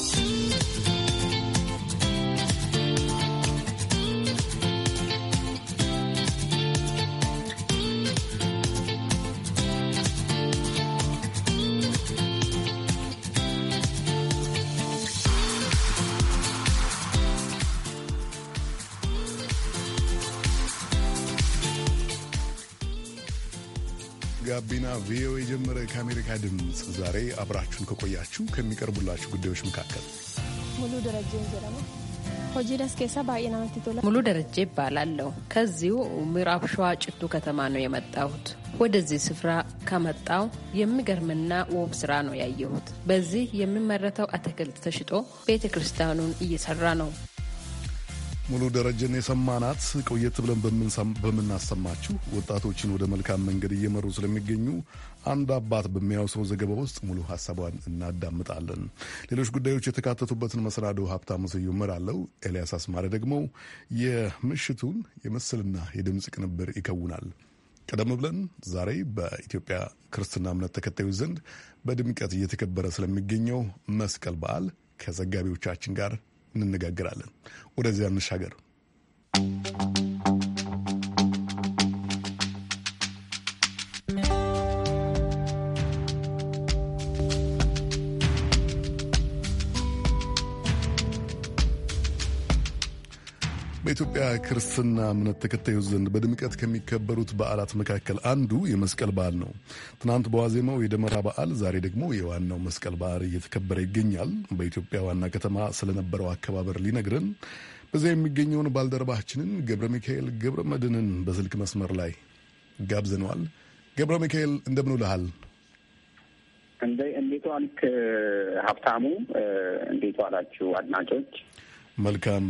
you ጋቢና ቪኦኤ የጀመረ ከአሜሪካ ድምፅ ዛሬ አብራችሁን ከቆያችሁ ከሚቀርቡላችሁ ጉዳዮች መካከል ሙሉ ደረጀ እንጀራማ ሙሉ ደረጀ ይባላለሁ። ከዚሁ ምዕራብ ሸዋ ጭቱ ከተማ ነው የመጣሁት። ወደዚህ ስፍራ ከመጣው የሚገርምና ውብ ስራ ነው ያየሁት። በዚህ የሚመረተው አትክልት ተሽጦ ቤተ ክርስቲያኑን እየሰራ ነው። ሙሉ ደረጀን የሰማናት ቆየት ብለን በምናሰማችሁ ወጣቶችን ወደ መልካም መንገድ እየመሩ ስለሚገኙ አንድ አባት በሚያውሰው ዘገባ ውስጥ ሙሉ ሀሳቧን እናዳምጣለን። ሌሎች ጉዳዮች የተካተቱበትን መሰናዶ ሀብታሙ ስዩም እመራለሁ። ኤልያስ አስማረ ደግሞ የምሽቱን የምስልና የድምፅ ቅንብር ይከውናል። ቀደም ብለን ዛሬ በኢትዮጵያ ክርስትና እምነት ተከታዮች ዘንድ በድምቀት እየተከበረ ስለሚገኘው መስቀል በዓል ከዘጋቢዎቻችን ጋር እንነጋገራለን። ወደዚያ እንሻገር። በኢትዮጵያ ክርስትና እምነት ተከታዮች ዘንድ በድምቀት ከሚከበሩት በዓላት መካከል አንዱ የመስቀል በዓል ነው። ትናንት በዋዜማው የደመራ በዓል፣ ዛሬ ደግሞ የዋናው መስቀል በዓል እየተከበረ ይገኛል። በኢትዮጵያ ዋና ከተማ ስለነበረው አከባበር ሊነግረን በዚያ የሚገኘውን ባልደረባችንን ገብረ ሚካኤል ገብረ መድንን በስልክ መስመር ላይ ጋብዘነዋል። ገብረ ሚካኤል እንደምን ውልሃል? እንዴት ዋልክ ሀብታሙ? እንዴት ዋላችሁ አድናጮች? መልካም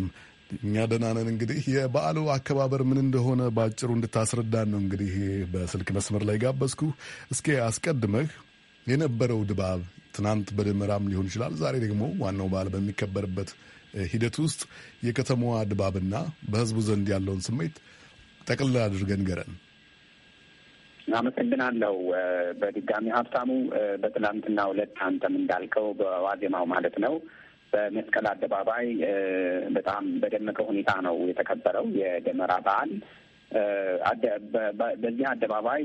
እኛ ደህና ነን። እንግዲህ የበዓሉ አከባበር ምን እንደሆነ በአጭሩ እንድታስረዳን ነው እንግዲህ በስልክ መስመር ላይ ጋበዝኩ። እስኪ አስቀድመህ የነበረው ድባብ ትናንት በደመራም ሊሆን ይችላል፣ ዛሬ ደግሞ ዋናው በዓል በሚከበርበት ሂደት ውስጥ የከተማዋ ድባብና በህዝቡ ዘንድ ያለውን ስሜት ጠቅልል አድርገን ገረን። አመሰግናለሁ በድጋሚ ሀብታሙ። በትናንትና ሁለት አንተም እንዳልከው በዋዜማው ማለት ነው በመስቀል አደባባይ በጣም በደመቀ ሁኔታ ነው የተከበረው የደመራ በዓል። በዚህ አደባባይ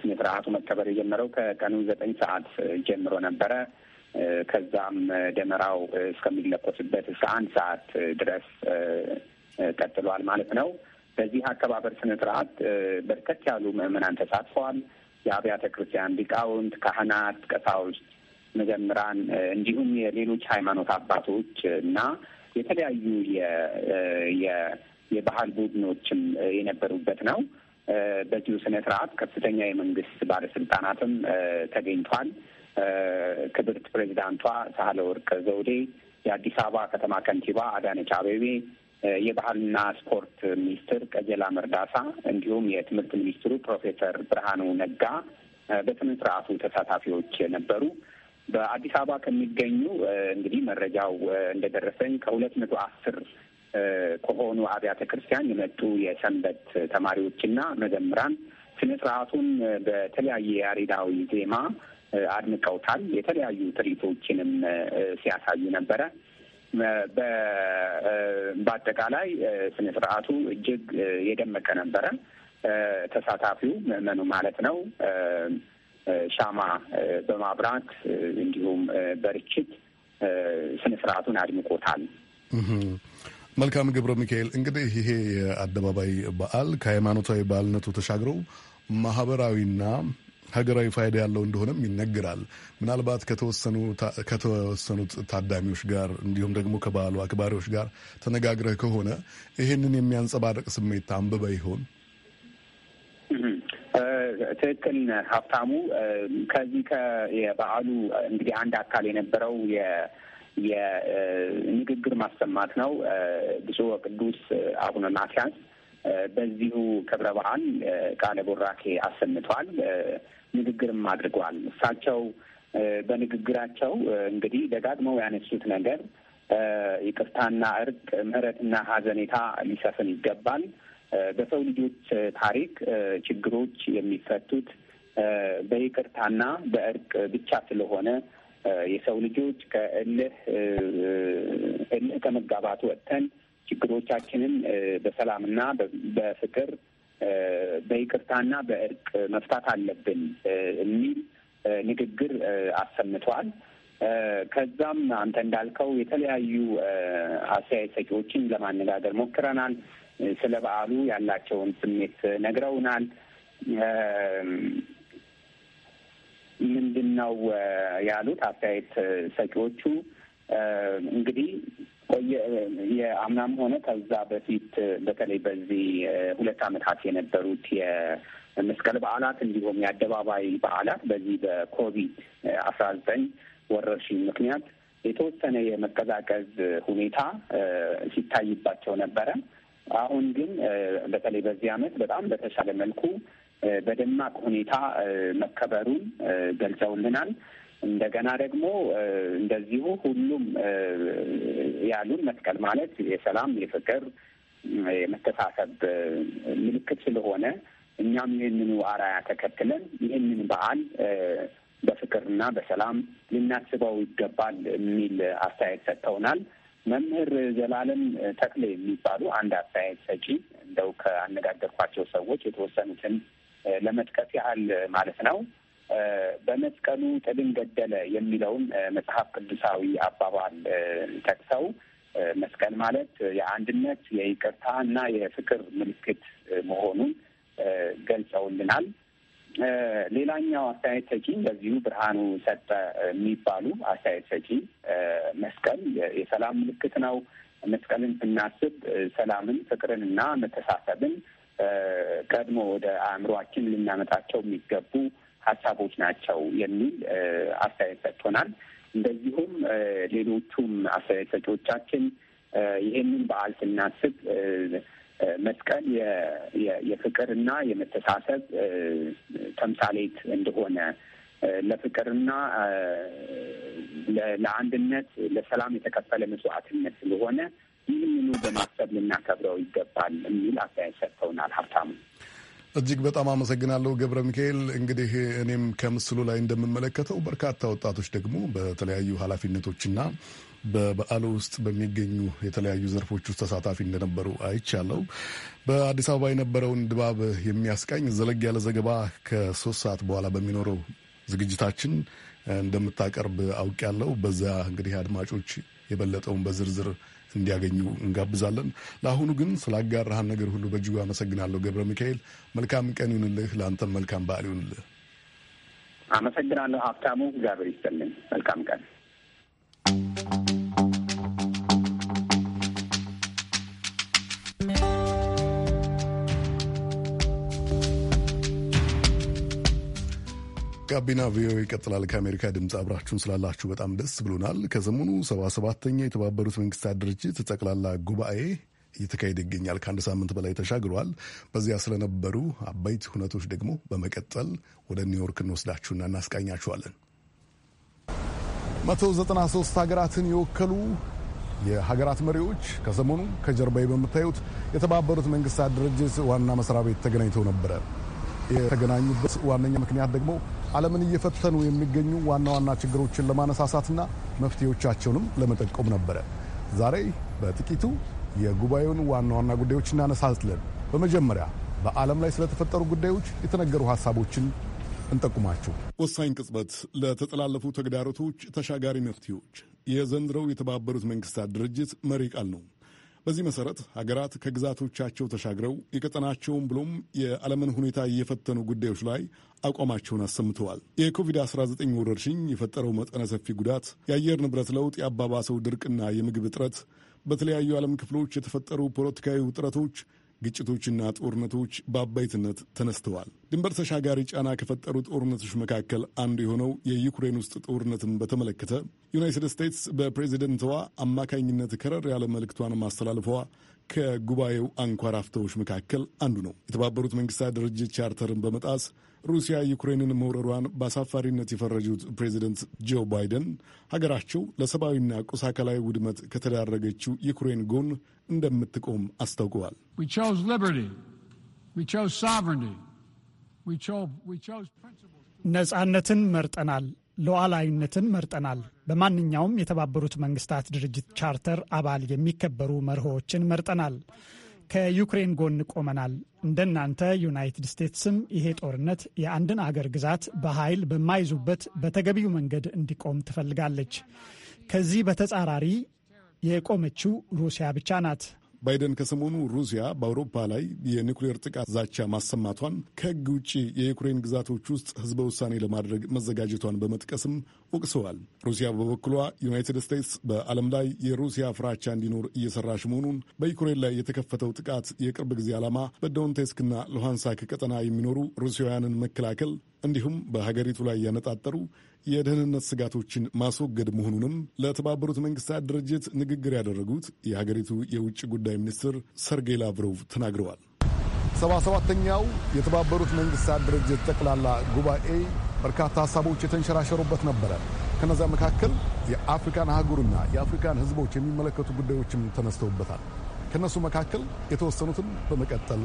ስነ ስርዓቱ መከበር የጀመረው ከቀኑ ዘጠኝ ሰዓት ጀምሮ ነበረ። ከዛም ደመራው እስከሚለኮስበት እስከ አንድ ሰዓት ድረስ ቀጥሏል ማለት ነው። በዚህ አከባበር ስነ ስርዓት በርከት ያሉ ምዕመናን ተሳትፈዋል። የአብያተ ክርስቲያን ሊቃውንት፣ ካህናት፣ ቀሳውስት መዘምራን እንዲሁም የሌሎች ሃይማኖት አባቶች እና የተለያዩ የባህል ቡድኖችም የነበሩበት ነው። በዚሁ ስነ ስርዓት ከፍተኛ የመንግስት ባለስልጣናትም ተገኝቷል። ክብርት ፕሬዚዳንቷ ሳህለ ወርቅ ዘውዴ፣ የአዲስ አበባ ከተማ ከንቲባ አዳነች አቤቤ፣ የባህልና ስፖርት ሚኒስትር ቀጀላ መርዳሳ እንዲሁም የትምህርት ሚኒስትሩ ፕሮፌሰር ብርሃኑ ነጋ በስነ ስርዓቱ ተሳታፊዎች ነበሩ። በአዲስ አበባ ከሚገኙ እንግዲህ መረጃው እንደደረሰኝ ከሁለት መቶ አስር ከሆኑ አብያተ ክርስቲያን የመጡ የሰንበት ተማሪዎችና መዘምራን ስነ ስርዓቱን በተለያየ ያሬዳዊ ዜማ አድምቀውታል። የተለያዩ ትርኢቶችንም ሲያሳዩ ነበረ። በአጠቃላይ ስነ ስርዓቱ እጅግ የደመቀ ነበረ። ተሳታፊው ምዕመኑ ማለት ነው ሻማ በማብራት እንዲሁም በርችት ስነ ስርዓቱን አድምቆታል። መልካም ገብረ ሚካኤል፣ እንግዲህ ይሄ የአደባባይ በዓል ከሃይማኖታዊ በዓልነቱ ተሻግረው ማህበራዊና ሀገራዊ ፋይዳ ያለው እንደሆነም ይነገራል። ምናልባት ከተወሰኑት ታዳሚዎች ጋር እንዲሁም ደግሞ ከበዓሉ አክባሪዎች ጋር ተነጋግረህ ከሆነ ይህንን የሚያንጸባርቅ ስሜት አንብበ ይሆን? ትክክል ሀብታሙ። ከዚህ ከበዓሉ እንግዲህ አንድ አካል የነበረው የንግግር ማሰማት ነው። ብፁዕ ወቅዱስ አቡነ ማትያስ በዚሁ ክብረ በዓል ቃለ ቡራኬ አሰምቷል ንግግርም አድርጓል። እሳቸው በንግግራቸው እንግዲህ ደጋግመው ያነሱት ነገር ይቅርታና እርቅ፣ ምህረትና ሀዘኔታ ሊሰፍን ይገባል በሰው ልጆች ታሪክ ችግሮች የሚፈቱት በይቅርታና በእርቅ ብቻ ስለሆነ የሰው ልጆች ከእልህ እልህ ከመጋባት ወጥተን ችግሮቻችንን በሰላምና በፍቅር በይቅርታና በእርቅ መፍታት አለብን የሚል ንግግር አሰምቷል። ከዛም አንተ እንዳልከው የተለያዩ አስተያየት ሰጪዎችን ለማነጋገር ሞክረናል። ስለ በዓሉ ያላቸውን ስሜት ነግረውናል። ምንድን ነው ያሉት አስተያየት ሰጪዎቹ? እንግዲህ ቆየ የአምናም ሆነ ከዛ በፊት በተለይ በዚህ ሁለት ዓመታት የነበሩት የመስቀል በዓላት እንዲሁም የአደባባይ በዓላት በዚህ በኮቪድ አስራ ዘጠኝ ወረርሽኝ ምክንያት የተወሰነ የመቀዛቀዝ ሁኔታ ሲታይባቸው ነበረ። አሁን ግን በተለይ በዚህ አመት በጣም በተሻለ መልኩ በደማቅ ሁኔታ መከበሩን ገልጸውልናል። እንደገና ደግሞ እንደዚሁ ሁሉም ያሉን መስቀል ማለት የሰላም፣ የፍቅር፣ የመተሳሰብ ምልክት ስለሆነ እኛም ይህንኑ አራያ ተከትለን ይህንን በዓል በፍቅርና በሰላም ልናስበው ይገባል የሚል አስተያየት ሰጥተውናል። መምህር ዘላለም ተክሌ የሚባሉ አንድ አስተያየት ሰጪ እንደው ከአነጋገርኳቸው ሰዎች የተወሰኑትን ለመጥቀስ ያህል ማለት ነው። በመስቀሉ ጥልን ገደለ የሚለውን መጽሐፍ ቅዱሳዊ አባባል ጠቅሰው መስቀል ማለት የአንድነት የይቅርታ እና የፍቅር ምልክት መሆኑን ገልጸውልናል። ሌላኛው አስተያየት ሰጪ በዚሁ ብርሃኑ ሰጠ የሚባሉ አስተያየት ሰጪ መስቀል የሰላም ምልክት ነው። መስቀልን ስናስብ ሰላምን፣ ፍቅርን እና መተሳሰብን ቀድሞ ወደ አእምሯችን ልናመጣቸው የሚገቡ ሀሳቦች ናቸው የሚል አስተያየት ሰጥቶናል። እንደዚሁም ሌሎቹም አስተያየት ሰጪዎቻችን ይህንን በዓል ስናስብ መስቀል የፍቅርና የመተሳሰብ ተምሳሌት እንደሆነ ለፍቅርና ለአንድነት፣ ለሰላም የተከፈለ መስዋዕትነት ስለሆነ ይህንኑ በማሰብ ልናከብረው ይገባል የሚል አስተያየት ሰጥተውናል። ሀብታሙ እጅግ በጣም አመሰግናለሁ ገብረ ሚካኤል። እንግዲህ እኔም ከምስሉ ላይ እንደምመለከተው በርካታ ወጣቶች ደግሞ በተለያዩ ኃላፊነቶችና በበዓሉ ውስጥ በሚገኙ የተለያዩ ዘርፎች ውስጥ ተሳታፊ እንደነበሩ አይቻለው። በአዲስ አበባ የነበረውን ድባብ የሚያስቃኝ ዘለግ ያለ ዘገባ ከሶስት ሰዓት በኋላ በሚኖረው ዝግጅታችን እንደምታቀርብ አውቅ ያለው በዛ እንግዲህ አድማጮች የበለጠውን በዝርዝር እንዲያገኙ እንጋብዛለን። ለአሁኑ ግን ስላጋራህን ነገር ሁሉ በእጅጉ አመሰግናለሁ ገብረ ሚካኤል። መልካም ቀን ይሁንልህ። ለአንተም መልካም በዓል ይሁንልህ። አመሰግናለሁ ሀብታሙ። እግዚአብሔር ይስጥልኝ። መልካም ቀን ጋቢና ቪኦኤ ይቀጥላል። ከአሜሪካ ድምፅ አብራችሁን ስላላችሁ በጣም ደስ ብሎናል። ከሰሞኑ ሰባ ሰባተኛ የተባበሩት መንግስታት ድርጅት ጠቅላላ ጉባኤ እየተካሄደ ይገኛል። ከአንድ ሳምንት በላይ ተሻግሯል። በዚያ ስለነበሩ አበይት ሁነቶች ደግሞ በመቀጠል ወደ ኒውዮርክ እንወስዳችሁና እናስቃኛችኋለን። 193 ሀገራትን የወከሉ የሀገራት መሪዎች ከሰሞኑ ከጀርባዬ በምታዩት የተባበሩት መንግስታት ድርጅት ዋና መስሪያ ቤት ተገናኝተው ነበረ። የተገናኙበት ዋነኛ ምክንያት ደግሞ ዓለምን እየፈተኑ የሚገኙ ዋና ዋና ችግሮችን ለማነሳሳትና መፍትሄዎቻቸውንም ለመጠቆም ነበረ። ዛሬ በጥቂቱ የጉባኤውን ዋና ዋና ጉዳዮች እናነሳለን። በመጀመሪያ በዓለም ላይ ስለተፈጠሩ ጉዳዮች የተነገሩ ሀሳቦችን እንጠቁማችሁ። ወሳኝ ቅጽበት ለተጠላለፉ ተግዳሮቶች ተሻጋሪ መፍትሄዎች የዘንድረው የተባበሩት መንግስታት ድርጅት መሪ ቃል ነው። በዚህ መሰረት ሀገራት ከግዛቶቻቸው ተሻግረው የቀጠናቸውን ብሎም የዓለምን ሁኔታ እየፈተኑ ጉዳዮች ላይ አቋማቸውን አሰምተዋል። የኮቪድ-19 ወረርሽኝ የፈጠረው መጠነ ሰፊ ጉዳት፣ የአየር ንብረት ለውጥ ያባባሰው ድርቅና የምግብ እጥረት፣ በተለያዩ ዓለም ክፍሎች የተፈጠሩ ፖለቲካዊ ውጥረቶች ግጭቶችና ጦርነቶች በአባይትነት ተነስተዋል። ድንበር ተሻጋሪ ጫና ከፈጠሩ ጦርነቶች መካከል አንዱ የሆነው የዩክሬን ውስጥ ጦርነትን በተመለከተ ዩናይትድ ስቴትስ በፕሬዚደንትዋ አማካኝነት ከረር ያለ መልእክቷን ማስተላለፏ ከጉባኤው አንኳር አፍታዎች መካከል አንዱ ነው። የተባበሩት መንግስታት ድርጅት ቻርተርን በመጣስ ሩሲያ ዩክሬንን መውረሯን በአሳፋሪነት የፈረጁት ፕሬዚደንት ጆ ባይደን ሀገራቸው ለሰብአዊና ቁሳከላዊ ውድመት ከተዳረገችው ዩክሬን ጎን እንደምትቆም አስታውቀዋል። ነጻነትን መርጠናል፣ ሉዓላዊነትን መርጠናል። በማንኛውም የተባበሩት መንግስታት ድርጅት ቻርተር አባል የሚከበሩ መርሆዎችን መርጠናል። ከዩክሬን ጎን ቆመናል። እንደናንተ ዩናይትድ ስቴትስም ይሄ ጦርነት የአንድን አገር ግዛት በኃይል በማይዙበት በተገቢው መንገድ እንዲቆም ትፈልጋለች። ከዚህ በተጻራሪ የቆመችው ሩሲያ ብቻ ናት። ባይደን ከሰሞኑ ሩሲያ በአውሮፓ ላይ የኒኩሌር ጥቃት ዛቻ ማሰማቷን ከህግ ውጭ የዩክሬን ግዛቶች ውስጥ ህዝበ ውሳኔ ለማድረግ መዘጋጀቷን በመጥቀስም ወቅሰዋል። ሩሲያ በበኩሏ ዩናይትድ ስቴትስ በዓለም ላይ የሩሲያ ፍራቻ እንዲኖር እየሰራች መሆኑን በዩክሬን ላይ የተከፈተው ጥቃት የቅርብ ጊዜ ዓላማ በዶንቴስክና ሉሃንሳክ ቀጠና የሚኖሩ ሩሲያውያንን መከላከል እንዲሁም በሀገሪቱ ላይ ያነጣጠሩ የደህንነት ስጋቶችን ማስወገድ መሆኑንም ለተባበሩት መንግስታት ድርጅት ንግግር ያደረጉት የሀገሪቱ የውጭ ጉዳይ ሚኒስትር ሰርጌይ ላቭሮቭ ተናግረዋል። ሰባ ሰባተኛው የተባበሩት መንግስታት ድርጅት ጠቅላላ ጉባኤ በርካታ ሀሳቦች የተንሸራሸሩበት ነበረ። ከነዚያ መካከል የአፍሪካን አህጉርና የአፍሪካን ህዝቦች የሚመለከቱ ጉዳዮችም ተነስተውበታል። ከእነሱ መካከል የተወሰኑትን በመቀጠል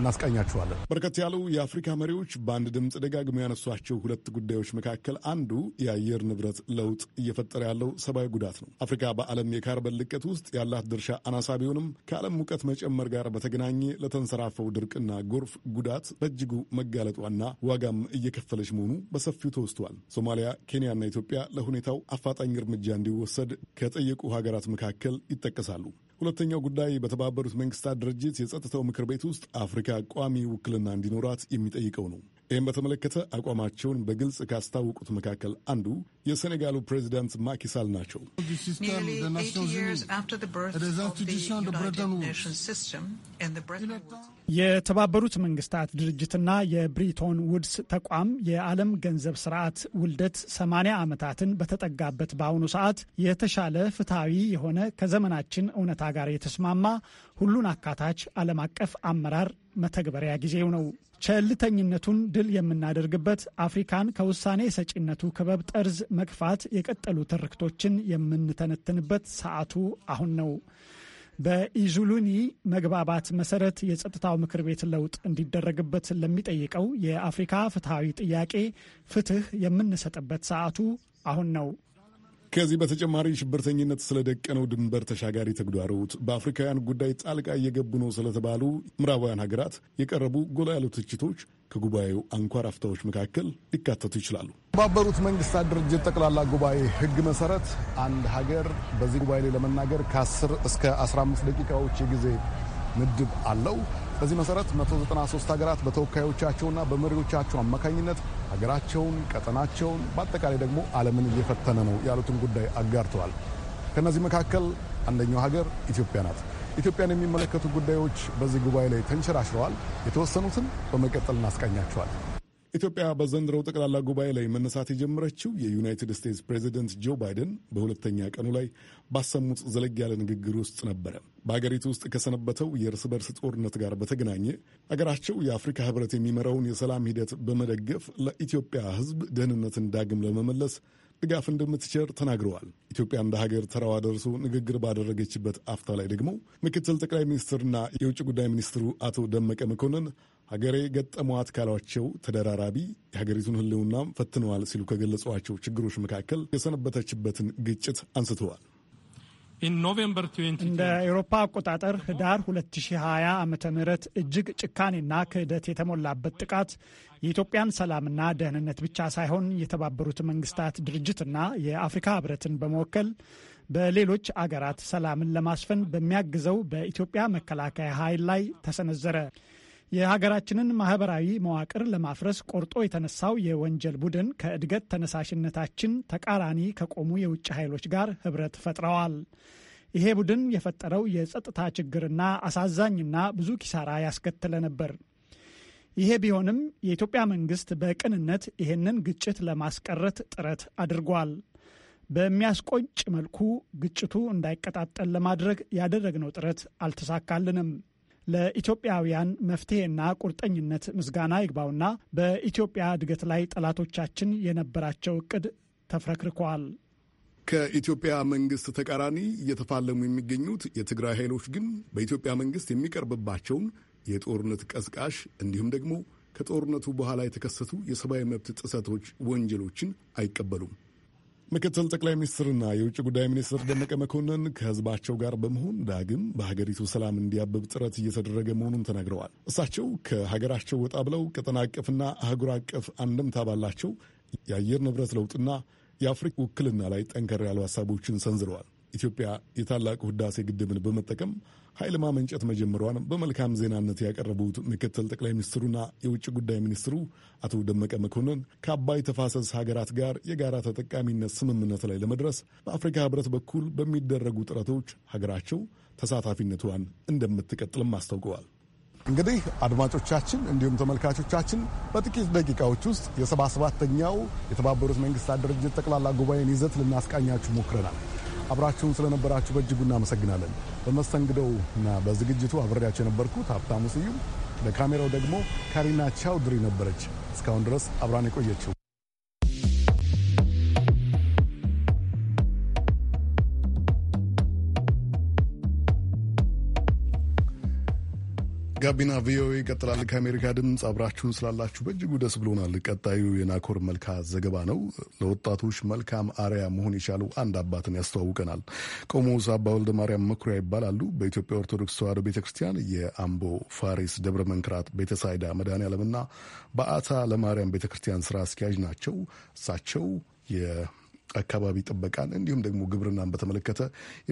እናስቃኛችኋለን። በርከት ያሉ የአፍሪካ መሪዎች በአንድ ድምፅ ደጋግመው ያነሷቸው ሁለት ጉዳዮች መካከል አንዱ የአየር ንብረት ለውጥ እየፈጠረ ያለው ሰብአዊ ጉዳት ነው። አፍሪካ በዓለም የካርበን ልቀት ውስጥ ያላት ድርሻ አናሳ ቢሆንም ከዓለም ሙቀት መጨመር ጋር በተገናኘ ለተንሰራፈው ድርቅና ጎርፍ ጉዳት በእጅጉ መጋለጧና ዋጋም እየከፈለች መሆኑ በሰፊው ተወስቷል። ሶማሊያ፣ ኬንያና ኢትዮጵያ ለሁኔታው አፋጣኝ እርምጃ እንዲወሰድ ከጠየቁ ሀገራት መካከል ይጠቀሳሉ። ሁለተኛው ጉዳይ በተባበሩት መንግስታት ድርጅት የጸጥታው ምክር ቤት ውስጥ አፍሪካ ቋሚ ውክልና እንዲኖራት የሚጠይቀው ነው። ይህም በተመለከተ አቋማቸውን በግልጽ ካስታወቁት መካከል አንዱ የሴኔጋሉ ፕሬዚዳንት ማኪሳል ናቸው። የተባበሩት መንግስታት ድርጅትና የብሪቶን ውድስ ተቋም የዓለም ገንዘብ ስርዓት ውልደት 80 ዓመታትን በተጠጋበት በአሁኑ ሰዓት የተሻለ ፍትሐዊ የሆነ ከዘመናችን እውነታ ጋር የተስማማ ሁሉን አካታች ዓለም አቀፍ አመራር መተግበሪያ ጊዜው ነው። ቸልተኝነቱን ድል የምናደርግበት፣ አፍሪካን ከውሳኔ ሰጪነቱ ክበብ ጠርዝ መግፋት የቀጠሉ ትርክቶችን የምንተነትንበት ሰዓቱ አሁን ነው። በኢዙሉኒ መግባባት መሰረት የጸጥታው ምክር ቤት ለውጥ እንዲደረግበት ለሚጠይቀው የአፍሪካ ፍትሐዊ ጥያቄ ፍትህ የምንሰጥበት ሰዓቱ አሁን ነው። ከዚህ በተጨማሪ ሽብርተኝነት ስለደቀነው ድንበር ተሻጋሪ ተግዳሮት በአፍሪካውያን ጉዳይ ጣልቃ እየገቡ ነው ስለተባሉ ምዕራባውያን ሀገራት የቀረቡ ጎላ ያሉ ትችቶች ከጉባኤው አንኳር አፍታዎች መካከል ሊካተቱ ይችላሉ። የተባበሩት መንግስታት ድርጅት ጠቅላላ ጉባኤ ሕግ መሰረት አንድ ሀገር በዚህ ጉባኤ ላይ ለመናገር ከ10 እስከ 15 ደቂቃዎች የጊዜ ምድብ አለው። በዚህ መሰረት 193 ሀገራት በተወካዮቻቸውና በመሪዎቻቸው አማካኝነት ሀገራቸውን፣ ቀጠናቸውን በአጠቃላይ ደግሞ ዓለምን እየፈተነ ነው ያሉትን ጉዳይ አጋርተዋል። ከእነዚህ መካከል አንደኛው ሀገር ኢትዮጵያ ናት። ኢትዮጵያን የሚመለከቱ ጉዳዮች በዚህ ጉባኤ ላይ ተንሸራሽረዋል። የተወሰኑትን በመቀጠል እናስቃኛቸዋል። ኢትዮጵያ በዘንድሮው ጠቅላላ ጉባኤ ላይ መነሳት የጀመረችው የዩናይትድ ስቴትስ ፕሬዚደንት ጆ ባይደን በሁለተኛ ቀኑ ላይ ባሰሙት ዘለግ ያለ ንግግር ውስጥ ነበረ። በሀገሪቱ ውስጥ ከሰነበተው የእርስ በርስ ጦርነት ጋር በተገናኘ አገራቸው የአፍሪካ ሕብረት የሚመራውን የሰላም ሂደት በመደገፍ ለኢትዮጵያ ሕዝብ ደህንነትን ዳግም ለመመለስ ድጋፍ እንደምትቸር ተናግረዋል። ኢትዮጵያ እንደ ሀገር ተራዋ ደርሶ ንግግር ባደረገችበት አፍታ ላይ ደግሞ ምክትል ጠቅላይ ሚኒስትርና የውጭ ጉዳይ ሚኒስትሩ አቶ ደመቀ መኮንን ሀገሬ ገጠሟት ካሏቸው ተደራራቢ የሀገሪቱን ሕልውናም ፈትነዋል ሲሉ ከገለጿቸው ችግሮች መካከል የሰነበተችበትን ግጭት አንስተዋል። እንደ አውሮፓ አቆጣጠር ህዳር 2020 ዓ ም እጅግ ጭካኔና ክህደት የተሞላበት ጥቃት የኢትዮጵያን ሰላምና ደህንነት ብቻ ሳይሆን የተባበሩት መንግስታት ድርጅትና የአፍሪካ ህብረትን በመወከል በሌሎች አገራት ሰላምን ለማስፈን በሚያግዘው በኢትዮጵያ መከላከያ ኃይል ላይ ተሰነዘረ። የሀገራችንን ማህበራዊ መዋቅር ለማፍረስ ቆርጦ የተነሳው የወንጀል ቡድን ከእድገት ተነሳሽነታችን ተቃራኒ ከቆሙ የውጭ ኃይሎች ጋር ህብረት ፈጥረዋል። ይሄ ቡድን የፈጠረው የጸጥታ ችግርና አሳዛኝና ብዙ ኪሳራ ያስከተለ ነበር። ይሄ ቢሆንም የኢትዮጵያ መንግስት በቅንነት ይህንን ግጭት ለማስቀረት ጥረት አድርጓል። በሚያስቆጭ መልኩ ግጭቱ እንዳይቀጣጠል ለማድረግ ያደረግነው ጥረት አልተሳካልንም። ለኢትዮጵያውያን መፍትሄና ቁርጠኝነት ምስጋና ይግባውና በኢትዮጵያ እድገት ላይ ጠላቶቻችን የነበራቸው እቅድ ተፍረክርከዋል። ከኢትዮጵያ መንግስት ተቃራኒ እየተፋለሙ የሚገኙት የትግራይ ኃይሎች ግን በኢትዮጵያ መንግስት የሚቀርብባቸውን የጦርነት ቀስቃሽ እንዲሁም ደግሞ ከጦርነቱ በኋላ የተከሰቱ የሰብአዊ መብት ጥሰቶች ወንጀሎችን አይቀበሉም። ምክትል ጠቅላይ ሚኒስትርና የውጭ ጉዳይ ሚኒስትር ደመቀ መኮንን ከህዝባቸው ጋር በመሆን ዳግም በሀገሪቱ ሰላም እንዲያብብ ጥረት እየተደረገ መሆኑን ተናግረዋል። እሳቸው ከሀገራቸው ወጣ ብለው ቀጠና አቀፍና አህጉር አቀፍ አንድምታ ባላቸው የአየር ንብረት ለውጥና የአፍሪካ ውክልና ላይ ጠንከር ያሉ ሀሳቦችን ሰንዝረዋል። ኢትዮጵያ የታላቁ ህዳሴ ግድብን በመጠቀም ኃይል ማመንጨት መጀመሯን በመልካም ዜናነት ያቀረቡት ምክትል ጠቅላይ ሚኒስትሩና የውጭ ጉዳይ ሚኒስትሩ አቶ ደመቀ መኮንን ከአባይ ተፋሰስ ሀገራት ጋር የጋራ ተጠቃሚነት ስምምነት ላይ ለመድረስ በአፍሪካ ሕብረት በኩል በሚደረጉ ጥረቶች ሀገራቸው ተሳታፊነቷን እንደምትቀጥልም አስታውቀዋል። እንግዲህ አድማጮቻችን እንዲሁም ተመልካቾቻችን በጥቂት ደቂቃዎች ውስጥ የሰባ ሰባተኛው የተባበሩት መንግስታት ድርጅት ጠቅላላ ጉባኤን ይዘት ልናስቃኛችሁ ሞክረናል። አብራችሁን ስለነበራችሁ በእጅጉ እናመሰግናለን። በመስተንግዶው እና በዝግጅቱ አብሬያቸው የነበርኩት ሀብታሙ ስዩም፣ በካሜራው ደግሞ ካሪና ቻውድሪ ነበረች። እስካሁን ድረስ አብራን የቆየችው ጋቢና ቪኦኤ ይቀጥላል። ከአሜሪካ ድምፅ አብራችሁን ስላላችሁ በእጅጉ ደስ ብሎናል። ቀጣዩ የናኮር መልካ ዘገባ ነው። ለወጣቶች መልካም አርያ መሆን የቻሉ አንድ አባትን ያስተዋውቀናል። ቆሞስ አባ ወልደ ማርያም መኩሪያ ይባላሉ። በኢትዮጵያ ኦርቶዶክስ ተዋሕዶ ቤተ ክርስቲያን የአምቦ ፋሪስ ደብረ መንክራት ቤተሳይዳ መድኃኔ ዓለምና በአታ ለማርያም ቤተ ክርስቲያን ስራ አስኪያጅ ናቸው። እሳቸው የአካባቢ ጥበቃን እንዲሁም ደግሞ ግብርናን በተመለከተ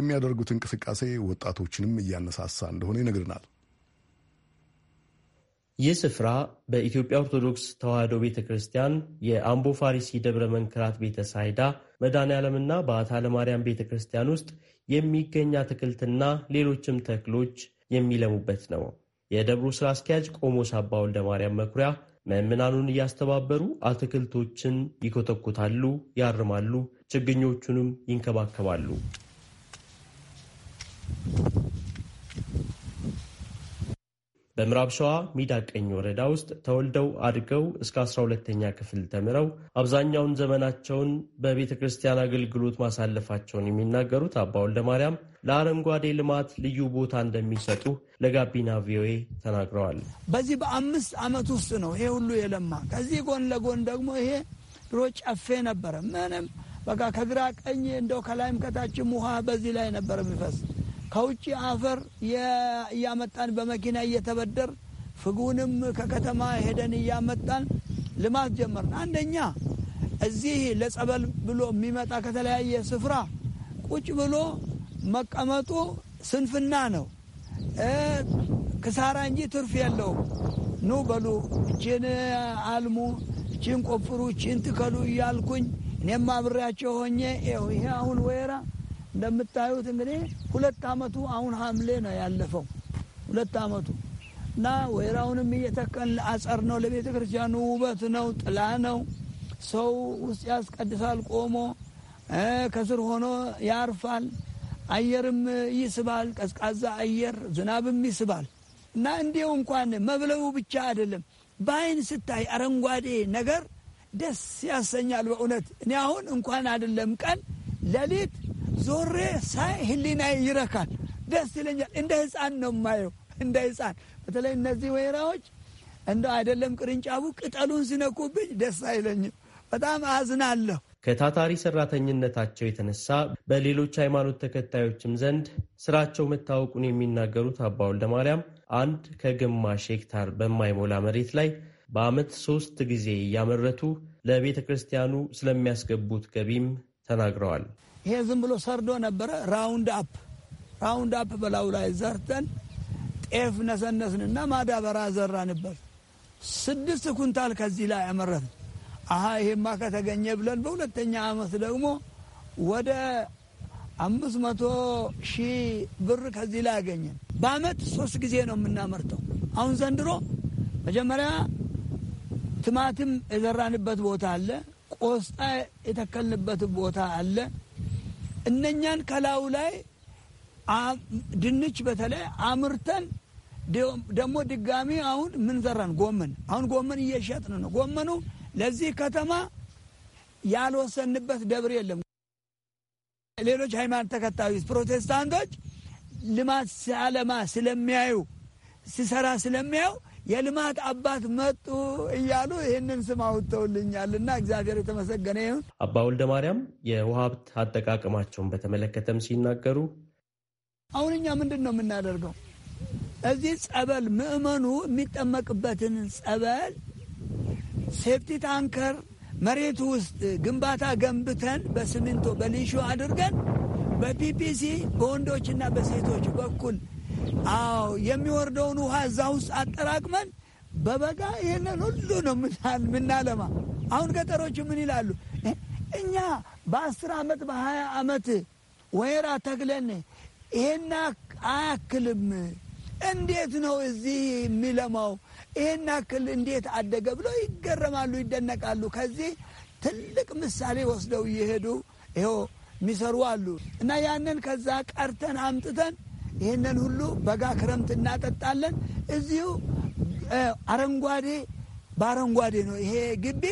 የሚያደርጉት እንቅስቃሴ ወጣቶችንም እያነሳሳ እንደሆነ ይነግርናል። ይህ ስፍራ በኢትዮጵያ ኦርቶዶክስ ተዋሕዶ ቤተ ክርስቲያን የአምቦ ፋሪሲ ደብረ መንክራት ቤተ ሳይዳ መድኃኔ ዓለምና በዓታ ለማርያም ቤተ ክርስቲያን ውስጥ የሚገኝ አትክልትና ሌሎችም ተክሎች የሚለሙበት ነው። የደብሩ ስራ አስኪያጅ ቆሞስ አባ ወልደ ማርያም መኩሪያ ምዕመናኑን እያስተባበሩ አትክልቶችን ይኮተኩታሉ፣ ያርማሉ፣ ችግኞቹንም ይንከባከባሉ። በምዕራብ ሸዋ ሚዳ ቀኝ ወረዳ ውስጥ ተወልደው አድገው እስከ 12ተኛ ክፍል ተምረው አብዛኛውን ዘመናቸውን በቤተ ክርስቲያን አገልግሎት ማሳለፋቸውን የሚናገሩት አባ ወልደ ማርያም ለአረንጓዴ ልማት ልዩ ቦታ እንደሚሰጡ ለጋቢና ቪኦኤ ተናግረዋል። በዚህ በአምስት ዓመት ውስጥ ነው ይሄ ሁሉ የለማ። ከዚህ ጎን ለጎን ደግሞ ይሄ ድሮ ጨፌ ነበረ። ምንም በቃ ከግራ ቀኝ እንደው ከላይም ከታችም ውሃ በዚህ ላይ ነበር የሚፈስ ከውጭ አፈር እያመጣን በመኪና እየተበደር ፍጉንም ከከተማ ሄደን እያመጣን ልማት ጀመርን። አንደኛ እዚህ ለጸበል ብሎ የሚመጣ ከተለያየ ስፍራ ቁጭ ብሎ መቀመጡ ስንፍና ነው፣ ክሳራ እንጂ ትርፍ የለውም። ኑ በሉ እችን አልሙ፣ እችን ቆፍሩ፣ እችን ትከሉ እያልኩኝ እኔም አብሬያቸው ሆኜ ይሄ አሁን ወይራ እንደምታዩት እንግዲህ ሁለት አመቱ አሁን ሐምሌ ነው ያለፈው ሁለት አመቱ እና ወይራውንም እየተከል አጸር ነው ለቤተ ክርስቲያኑ ውበት ነው፣ ጥላ ነው። ሰው ውስጥ ያስቀድሳል። ቆሞ ከስር ሆኖ ያርፋል። አየርም ይስባል፣ ቀዝቃዛ አየር ዝናብም ይስባል እና እንዲው እንኳን መብለው ብቻ አይደለም በአይን ስታይ አረንጓዴ ነገር ደስ ያሰኛል። በእውነት እኔ አሁን እንኳን አይደለም ቀን ሌሊት ዞሬ ሳይ ህሊና ይረካል፣ ደስ ይለኛል። እንደ ህፃን ነው የማየው፣ እንደ ህፃን። በተለይ እነዚህ ወይራዎች እንደ አይደለም ቅርንጫቡ ቅጠሉን ሲነኩብኝ ደስ አይለኝም፣ በጣም አዝናለሁ። ከታታሪ ሰራተኝነታቸው የተነሳ በሌሎች ሃይማኖት ተከታዮችም ዘንድ ስራቸው መታወቁን የሚናገሩት አባ ወልደማርያም አንድ ከግማሽ ሄክታር በማይሞላ መሬት ላይ በዓመት ሶስት ጊዜ እያመረቱ ለቤተ ክርስቲያኑ ስለሚያስገቡት ገቢም ተናግረዋል። ይሄ ዝም ብሎ ሰርዶ ነበረ። ራውንድ አፕ ራውንድ አፕ በላዩ ላይ ዘርተን ጤፍ ነሰነስንና ማዳበራ ዘራንበት። ስድስት ኩንታል ከዚህ ላይ አመረት። አሀ ይሄማ ከተገኘ ብለን በሁለተኛ አመት ደግሞ ወደ አምስት መቶ ሺህ ብር ከዚህ ላይ ያገኘን። በአመት ሶስት ጊዜ ነው የምናመርተው። አሁን ዘንድሮ መጀመሪያ ትማትም የዘራንበት ቦታ አለ፣ ቆስጣ የተከልንበት ቦታ አለ፣ እነኛን ከላዩ ላይ ድንች በተለይ አምርተን ደግሞ ድጋሚ አሁን ምን ዘራን? ጎመን። አሁን ጎመን እየሸጥን ነው። ጎመኑ ለዚህ ከተማ ያልወሰንበት ደብር የለም። ሌሎች ሃይማኖት ተከታዮች ፕሮቴስታንቶች ልማት ሲያለማ ስለሚያዩ ሲሰራ ስለሚያዩ የልማት አባት መጡ እያሉ ይህንን ስም እና እግዚአብሔር የተመሰገነ ይሁን። አባ ወልደ ማርያም የውሃ ሀብት አጠቃቀማቸውን በተመለከተም ሲናገሩ አሁን እኛ ምንድን ነው የምናደርገው? እዚህ ጸበል ምዕመኑ የሚጠመቅበትን ጸበል ሴፍቲ ታንከር መሬቱ ውስጥ ግንባታ ገንብተን በሲሚንቶ በሊሾ አድርገን በፒፒሲ በወንዶችና በሴቶች በኩል አዎ የሚወርደውን ውሃ እዛ ውስጥ አጠራቅመን በበጋ ይህንን ሁሉ ነው የምናለማ። አሁን ገጠሮች ምን ይላሉ? እኛ በአስር ዓመት በሀያ ዓመት ወይራ ተክለን ይሄን አያክልም እንዴት ነው እዚህ የሚለማው? ይህን ያክል እንዴት አደገ ብለው ይገረማሉ፣ ይደነቃሉ። ከዚህ ትልቅ ምሳሌ ወስደው እየሄዱ ይኸው የሚሰሩ አሉ እና ያንን ከዛ ቀርተን አምጥተን ይህንን ሁሉ በጋ ክረምት እናጠጣለን። እዚሁ አረንጓዴ በአረንጓዴ ነው ይሄ ግቢ።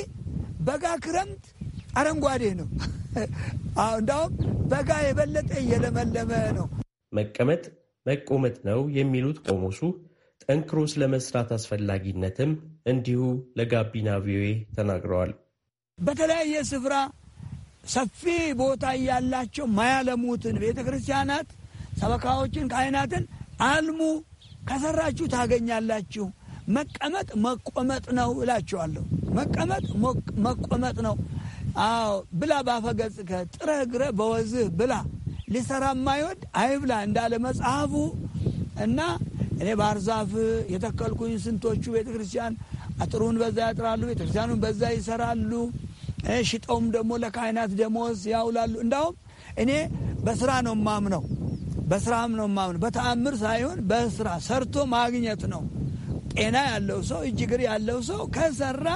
በጋ ክረምት አረንጓዴ ነው። እንዳውም በጋ የበለጠ እየለመለመ ነው። መቀመጥ መቆመጥ ነው የሚሉት ቆሞሱ ጠንክሮ ስለመስራት አስፈላጊነትም እንዲሁ ለጋቢና ቪዮኤ ተናግረዋል። በተለያየ ስፍራ ሰፊ ቦታ እያላቸው ማያለሙትን ቤተ ክርስቲያናት ሰበካዎችን፣ ካህናትን አልሙ፣ ከሰራችሁ ታገኛላችሁ። መቀመጥ መቆመጥ ነው እላችኋለሁ። መቀመጥ መቆመጥ ነው። አዎ ብላ፣ ባፈገጽከ ጥረ ግረ በወዝህ ብላ፣ ሊሰራ የማይወድ አይብላ እንዳለ መጽሐፉ እና እኔ ባህር ዛፍ የተከልኩኝ ስንቶቹ ቤተ ክርስቲያን አጥሩን በዛ ያጥራሉ፣ ቤተ ክርስቲያኑን በዛ ይሰራሉ፣ ሽጠውም ደግሞ ለካህናት ደሞዝ ያውላሉ። እንዳውም እኔ በስራ ነው ማምነው በስራም ነው ማምን በተአምር ሳይሆን በስራ ሰርቶ ማግኘት ነው። ጤና ያለው ሰው እጅ ያለው ሰው ከሰራ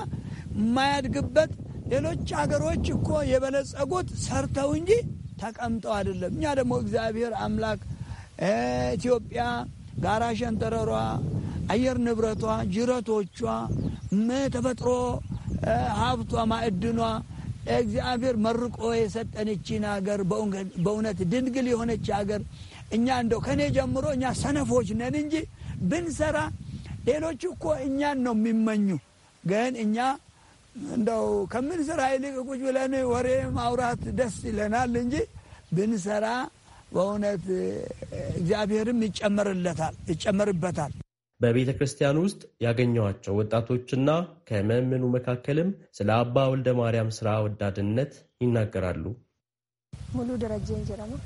የማያድግበት ሌሎች አገሮች እኮ የበለጸጉት ሰርተው እንጂ ተቀምጠው አይደለም። እኛ ደግሞ እግዚአብሔር አምላክ ኢትዮጵያ ጋራ ሸንተረሯ፣ አየር ንብረቷ፣ ጅረቶቿ፣ ተፈጥሮ ሀብቷ፣ ማዕድኗ እግዚአብሔር መርቆ የሰጠንችን ሀገር በእውነት ድንግል የሆነች ሀገር እኛ እንደው ከእኔ ጀምሮ እኛ ሰነፎች ነን እንጂ ብንሰራ ሌሎች እኮ እኛን ነው የሚመኙ። ግን እኛ እንደው ከምንሰራ ይልቅ ቁጭ ብለን ወሬ ማውራት ደስ ይለናል እንጂ ብንሰራ በእውነት እግዚአብሔርም ይጨመርለታል ይጨመርበታል። በቤተ ክርስቲያን ውስጥ ያገኘኋቸው ወጣቶችና ከመምኑ መካከልም ስለ አባ ወልደ ማርያም ስራ ወዳድነት ይናገራሉ። ሙሉ ደረጀ እንጀራ ነው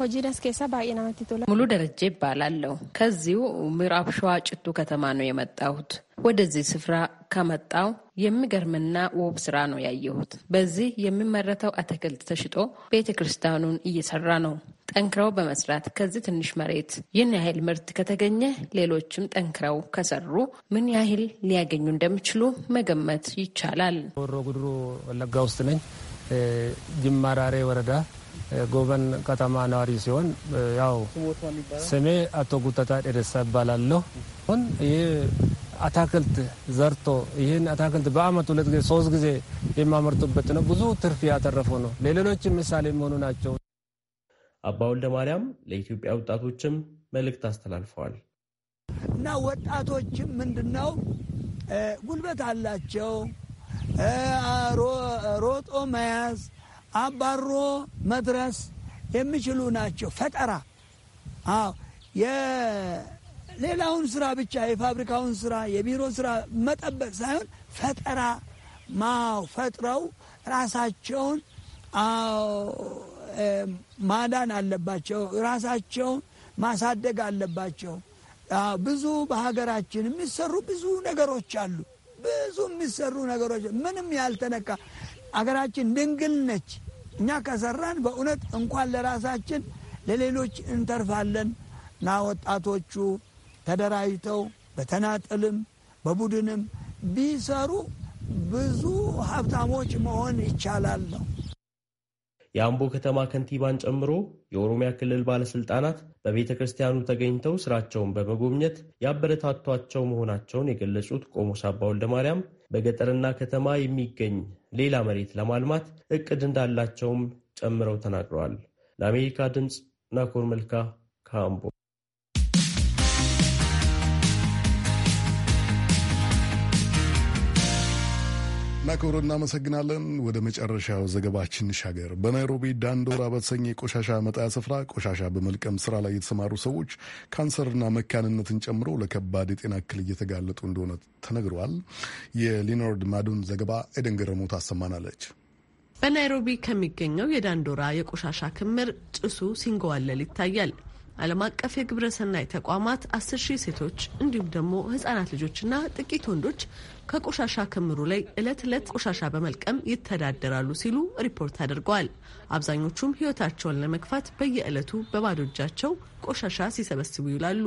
hojiidhas keessaa baay'ee namatti tola. ሙሉ ደረጀ ይባላለሁ። ከዚሁ ምዕራብ ሸዋ ጭቱ ከተማ ነው የመጣሁት። ወደዚህ ስፍራ ከመጣው የሚገርምና ውብ ስራ ነው ያየሁት። በዚህ የሚመረተው አትክልት ተሽጦ ቤተ ክርስቲያኑን እየሰራ ነው። ጠንክረው በመስራት ከዚህ ትንሽ መሬት ይህን ያህል ምርት ከተገኘ ሌሎችም ጠንክረው ከሰሩ ምን ያህል ሊያገኙ እንደሚችሉ መገመት ይቻላል። ወሮ ጉድሮ ወለጋ ውስጥ ነኝ። ጅማራሬ ወረዳ ጎበን ከተማ ነዋሪ ሲሆን ያው ስሜ አቶ ጉተታ ደደሳ ይባላለሁ። አሁን ይህ አታክልት ዘርቶ ይህን አታክልት በአመት ሁለት ጊዜ ሶስት ጊዜ የማመርቱበት ነው። ብዙ ትርፍ ያተረፉ ነው። ለሌሎችም ምሳሌ የሚሆኑ ናቸው። አባ ወልደ ማርያም ለኢትዮጵያ ወጣቶችም መልእክት አስተላልፈዋል እና ወጣቶችም ምንድነው ጉልበት አላቸው ሮጦ መያዝ አባሮ መድረስ የሚችሉ ናቸው። ፈጠራ አዎ፣ የሌላውን ስራ ብቻ የፋብሪካውን ስራ የቢሮ ስራ መጠበቅ ሳይሆን ፈጠራ ማው ፈጥረው ራሳቸውን ማዳን አለባቸው። ራሳቸውን ማሳደግ አለባቸው። ብዙ በሀገራችን የሚሰሩ ብዙ ነገሮች አሉ። ብዙ የሚሰሩ ነገሮች ምንም ያልተነካ አገራችን ድንግል ነች። እኛ ከሰራን በእውነት እንኳን ለራሳችን ለሌሎች እንተርፋለን እና ወጣቶቹ ተደራጅተው በተናጠልም በቡድንም ቢሰሩ ብዙ ሀብታሞች መሆን ይቻላል ነው። የአምቦ ከተማ ከንቲባን ጨምሮ የኦሮሚያ ክልል ባለስልጣናት በቤተ ክርስቲያኑ ተገኝተው ስራቸውን በመጎብኘት ያበረታቷቸው መሆናቸውን የገለጹት ቆሞስ አባ ወልደ ማርያም በገጠርና ከተማ የሚገኝ ሌላ መሬት ለማልማት እቅድ እንዳላቸውም ጨምረው ተናግረዋል። ለአሜሪካ ድምፅ ናኮር መልካ ከአምቦ ናኮር እናመሰግናለን። ወደ መጨረሻው ዘገባችን ሻገር። በናይሮቢ ዳንዶራ በተሰኘ የቆሻሻ መጣያ ስፍራ ቆሻሻ በመልቀም ስራ ላይ የተሰማሩ ሰዎች ካንሰርና መካንነትን ጨምሮ ለከባድ የጤና እክል እየተጋለጡ እንደሆነ ተነግረዋል። የሊኖርድ ማዶን ዘገባ ኤደን ገረሞት ታሰማናለች። በናይሮቢ ከሚገኘው የዳንዶራ የቆሻሻ ክምር ጭሱ ሲንገዋለል ይታያል። ዓለም አቀፍ የግብረሰናይ ተቋማት አስር ሺህ ሴቶች እንዲሁም ደግሞ ህጻናት ልጆችና ጥቂት ወንዶች ከቆሻሻ ክምሩ ላይ ዕለት ዕለት ቆሻሻ በመልቀም ይተዳደራሉ ሲሉ ሪፖርት አድርገዋል። አብዛኞቹም ህይወታቸውን ለመግፋት በየዕለቱ በባዶ እጃቸው ቆሻሻ ሲሰበስቡ ይውላሉ።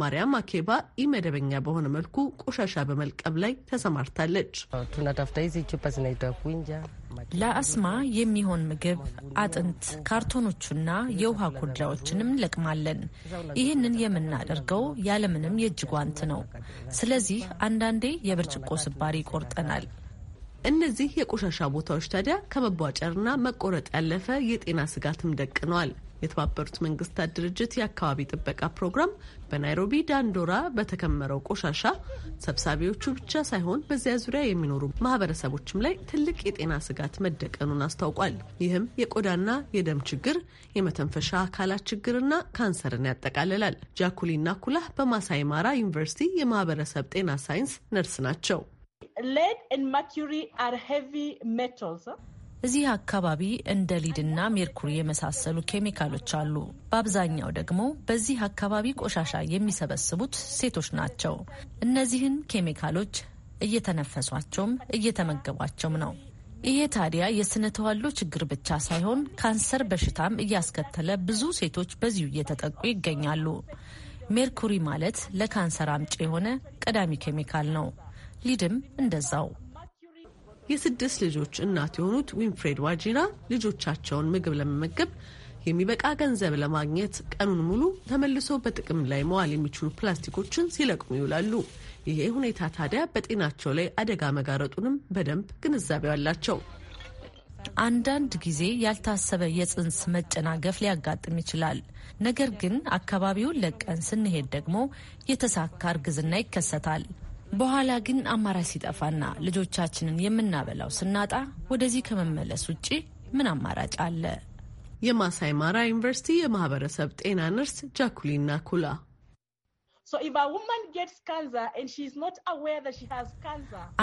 ማርያም አኬባ ኢመደበኛ በሆነ መልኩ ቆሻሻ በመልቀም ላይ ተሰማርታለች። ለአስማ የሚሆን ምግብ፣ አጥንት፣ ካርቶኖቹና የውሃ ኩላዎችንም እንለቅማለን። ይህንን የምናደርገው ያለምንም የእጅ ጓንት ነው። ስለዚህ አንዳንዴ የብርጭቆ ስባሪ ይቆርጠናል። እነዚህ የቆሻሻ ቦታዎች ታዲያ ከመቧጨርና መቆረጥ ያለፈ የጤና ስጋትም ደቅነዋል። የተባበሩት መንግስታት ድርጅት የአካባቢ ጥበቃ ፕሮግራም በናይሮቢ ዳንዶራ በተከመረው ቆሻሻ ሰብሳቢዎቹ ብቻ ሳይሆን በዚያ ዙሪያ የሚኖሩ ማህበረሰቦችም ላይ ትልቅ የጤና ስጋት መደቀኑን አስታውቋል። ይህም የቆዳና የደም ችግር፣ የመተንፈሻ አካላት ችግርና ካንሰርን ያጠቃልላል። ጃኩሊና ኩላህ በማሳይ ማራ ዩኒቨርሲቲ የማህበረሰብ ጤና ሳይንስ ነርስ ናቸው። እዚህ አካባቢ እንደ ሊድና ሜርኩሪ የመሳሰሉ ኬሚካሎች አሉ። በአብዛኛው ደግሞ በዚህ አካባቢ ቆሻሻ የሚሰበስቡት ሴቶች ናቸው። እነዚህን ኬሚካሎች እየተነፈሷቸውም እየተመገቧቸውም ነው። ይሄ ታዲያ የስነ ተዋልዶ ችግር ብቻ ሳይሆን ካንሰር በሽታም እያስከተለ ብዙ ሴቶች በዚሁ እየተጠቁ ይገኛሉ። ሜርኩሪ ማለት ለካንሰር አምጪ የሆነ ቀዳሚ ኬሚካል ነው። ሊድም እንደዛው። የስድስት ልጆች እናት የሆኑት ዊንፍሬድ ዋጂራ ልጆቻቸውን ምግብ ለመመገብ የሚበቃ ገንዘብ ለማግኘት ቀኑን ሙሉ ተመልሶ በጥቅም ላይ መዋል የሚችሉ ፕላስቲኮችን ሲለቅሙ ይውላሉ። ይሄ ሁኔታ ታዲያ በጤናቸው ላይ አደጋ መጋረጡንም በደንብ ግንዛቤ አላቸው። አንዳንድ ጊዜ ያልታሰበ የጽንስ መጨናገፍ ሊያጋጥም ይችላል። ነገር ግን አካባቢውን ለቀን ስንሄድ ደግሞ የተሳካ እርግዝና ይከሰታል። በኋላ ግን አማራጭ ሲጠፋና ልጆቻችንን የምናበላው ስናጣ ወደዚህ ከመመለስ ውጪ ምን አማራጭ አለ? የማሳይ ማራ ዩኒቨርሲቲ የማህበረሰብ ጤና ነርስ ጃኩሊና ኩላ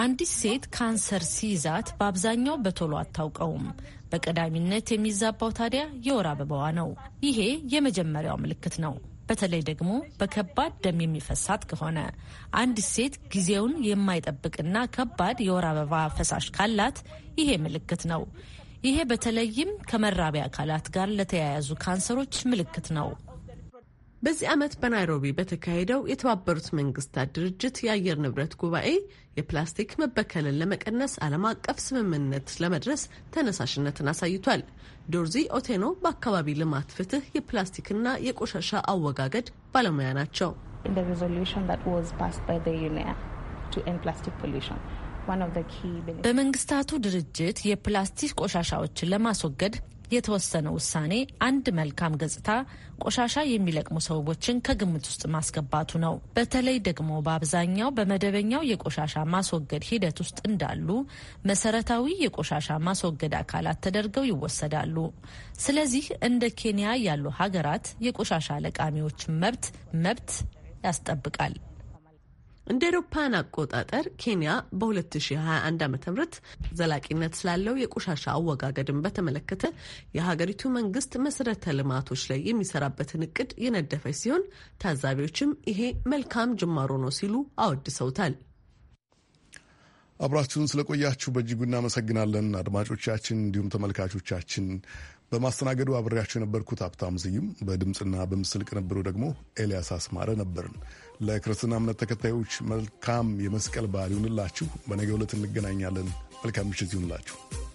አንዲት ሴት ካንሰር ሲይዛት በአብዛኛው በቶሎ አታውቀውም። በቀዳሚነት የሚዛባው ታዲያ የወር አበባዋ ነው። ይሄ የመጀመሪያው ምልክት ነው። በተለይ ደግሞ በከባድ ደም የሚፈሳት ከሆነ አንዲት ሴት ጊዜውን የማይጠብቅና ከባድ የወር አበባ ፈሳሽ ካላት ይሄ ምልክት ነው። ይሄ በተለይም ከመራቢያ አካላት ጋር ለተያያዙ ካንሰሮች ምልክት ነው። በዚህ ዓመት በናይሮቢ በተካሄደው የተባበሩት መንግስታት ድርጅት የአየር ንብረት ጉባኤ የፕላስቲክ መበከልን ለመቀነስ ዓለም አቀፍ ስምምነት ለመድረስ ተነሳሽነትን አሳይቷል። ዶርዚ ኦቴኖ በአካባቢ ልማት ፍትህ የፕላስቲክና የቆሻሻ አወጋገድ ባለሙያ ናቸው። በመንግስታቱ ድርጅት የፕላስቲክ ቆሻሻዎችን ለማስወገድ የተወሰነ ውሳኔ አንድ መልካም ገጽታ ቆሻሻ የሚለቅሙ ሰዎችን ከግምት ውስጥ ማስገባቱ ነው። በተለይ ደግሞ በአብዛኛው በመደበኛው የቆሻሻ ማስወገድ ሂደት ውስጥ እንዳሉ መሰረታዊ የቆሻሻ ማስወገድ አካላት ተደርገው ይወሰዳሉ። ስለዚህ እንደ ኬንያ ያሉ ሀገራት የቆሻሻ ለቃሚዎችን መብት መብት ያስጠብቃል። እንደ ኤሮፓን አቆጣጠር ኬንያ በ2021 ዓ ም ዘላቂነት ስላለው የቆሻሻ አወጋገድን በተመለከተ የሀገሪቱ መንግስት መሰረተ ልማቶች ላይ የሚሰራበትን እቅድ የነደፈች ሲሆን ታዛቢዎችም ይሄ መልካም ጅማሮ ነው ሲሉ አወድሰውታል። አብራችሁን ስለቆያችሁ በእጅጉ እናመሰግናለን። አድማጮቻችን፣ እንዲሁም ተመልካቾቻችን በማስተናገዱ አብሬያችሁ የነበርኩት ሀብታም ስዩም፣ በድምፅና በምስል ቅንብሩ ደግሞ ኤልያስ አስማረ ነበርን። ለክርስትና እምነት ተከታዮች መልካም የመስቀል በዓል ይሁንላችሁ። በነገ ዕለት እንገናኛለን። መልካም ምሽት ይሁንላችሁ።